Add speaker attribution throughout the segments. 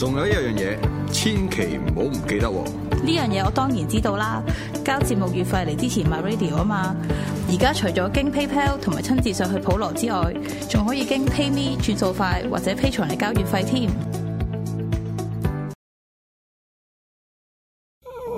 Speaker 1: 仲有一樣嘢，千祈唔好唔記得、哦。呢樣嘢我當然知道啦，交節目月費嚟支持 MyRadio 啊嘛。而家除咗經 PayPal 同埋親自上去普羅之外，仲可以經 PayMe 轉數快或者 Patreon 嚟交月費添。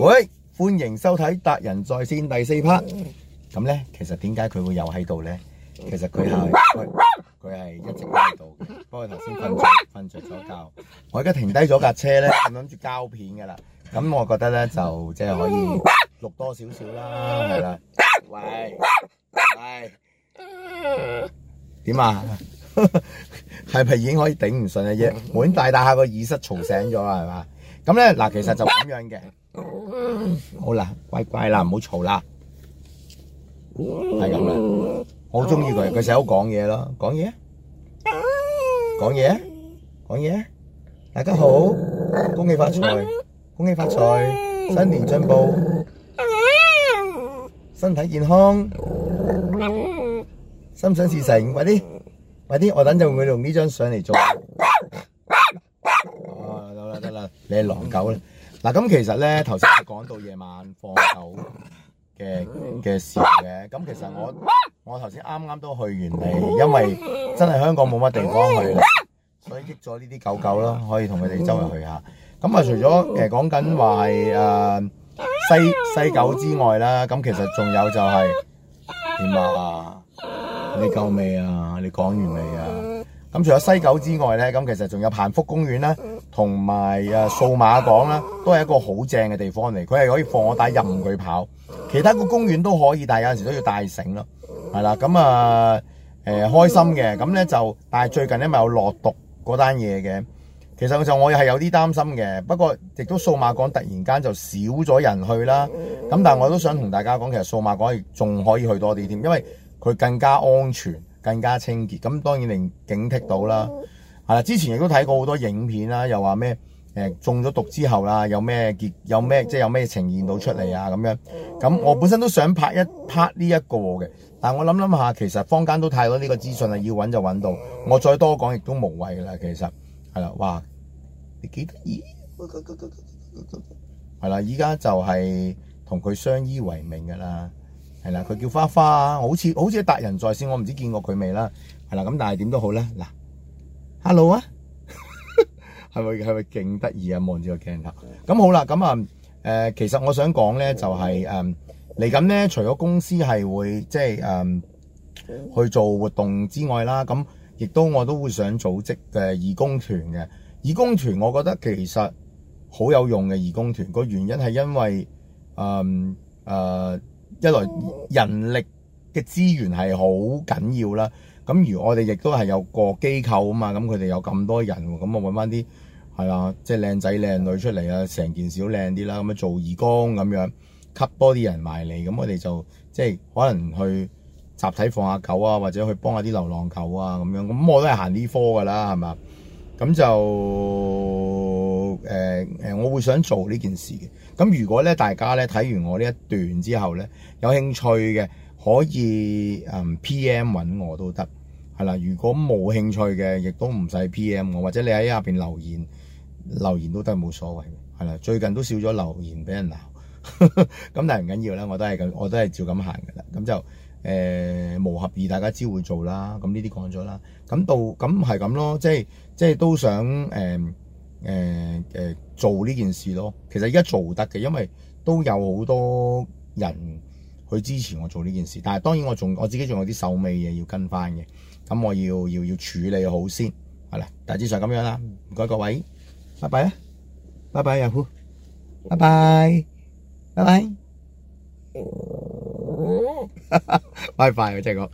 Speaker 1: 喂，歡迎收睇達仁在線第四 part。咁咧，其實點解佢會有喺度咧？其實佢係。 佢係一直都喺度，不過頭先瞓著瞓著咗覺。我而家停低咗架車咧，諗住膠片噶啦。咁我覺得咧就即係可以錄多少少啦，係啦。喂喂，點啊？係 咪已經可以頂唔順啊？啫，滿大大下個耳塞嘈醒咗啊，係嘛？咁咧嗱，其實就咁樣嘅。好啦，乖乖啦，唔好嘈啦，係、嗯、咁啦。我中意佢，佢成日好講嘢咯，講嘢，講嘢，講嘢，大家好，恭喜發財，恭喜發財，新年進步，身體健康，心想事成，快啲，快啲，我等陣會用呢張相嚟做。啊，得啦得啦，你係狼狗啦。嗱，咁其實咧，頭先係講到夜晚放狗。嘅嘅事嘅，咁其實我我頭先啱啱都去完嚟，因為真係香港冇乜地方去，所以益咗呢啲狗狗咯，可以同佢哋周圍去下。咁、呃、啊，除咗誒講緊話西西九之外啦，咁其實仲有就係、是、點啊？你夠未啊？你講完未啊？咁除咗西九之外咧，咁其實仲有彭福公園啦。同埋啊，數碼港啦，都係一個好正嘅地方嚟。佢係可以放我帶任佢跑，其他個公園都可以，但係有陣時都要帶繩咯。係啦，咁啊誒，開心嘅咁咧就，但係最近咧咪有落毒嗰單嘢嘅，其實就我係有啲擔心嘅。不過亦都數碼港突然間就少咗人去啦。咁但係我都想同大家講，其實數碼港仲可以去多啲添，因為佢更加安全、更加清潔。咁當然令警惕到啦。係啦，之前亦都睇過好多影片啦，又話咩誒中咗毒之後啦，有咩結有咩即係有咩呈現到出嚟啊咁樣。咁我本身都想拍一 part 呢一個嘅，但係我諗諗下，其實坊間都太多呢個資訊啦，要搵就搵到，我再多講亦都無謂啦。其實係啦，哇，你幾得意？係啦，依家就係同佢相依為命噶啦。係啦，佢叫花花，好似好似達仁在線，我唔知見過佢未啦。係啦，咁但係點都好咧嗱。hello 啊， 係咪係咪勁得意啊？望住個鏡頭。咁好啦，咁啊、呃、其實我想講咧，就係誒嚟緊咧，除咗公司係會即係誒、嗯、去做活動之外啦，咁亦都我都會想組織嘅義工團嘅義工團。我覺得其實好有用嘅義工團個原因係因為誒誒、嗯呃、一來人力嘅資源係好緊要啦。咁而我哋亦都係有個機構啊嘛，咁佢哋有咁多人，咁我搵翻啲係啦，即係靚仔靚女出嚟啊，成件事靚啲啦，咁樣做義工咁樣，吸多啲人埋嚟，咁我哋就即係可能去集體放下狗啊，或者去幫下啲流浪狗啊咁樣，咁我都係行呢科㗎啦，係嘛？咁就誒、呃、我會想做呢件事嘅。咁如果咧大家咧睇完我呢一段之後咧，有興趣嘅。可以 PM 揾我都得，係啦。如果冇興趣嘅，亦都唔使 PM 我，或者你喺下面留言留言都得，冇所謂嘅，係啦。最近都少咗留言俾人鬧，咁但係唔緊要啦，我都係咁，我都係照咁行㗎啦。咁就誒、呃、無合意，大家知會做啦。咁呢啲講咗啦。咁到咁係咁咯，即係即係都想誒、呃呃、做呢件事咯。其實依家做得嘅，因為都有好多人。佢支持我做呢件事，但係當然我仲我自己仲有啲手尾嘢要跟翻嘅，咁我要要要處理好先，係啦。大致上咁樣啦，唔該各位，拜拜啦，拜拜阿夫，拜拜，拜拜，拜拜，拜拜，我、 啊、真係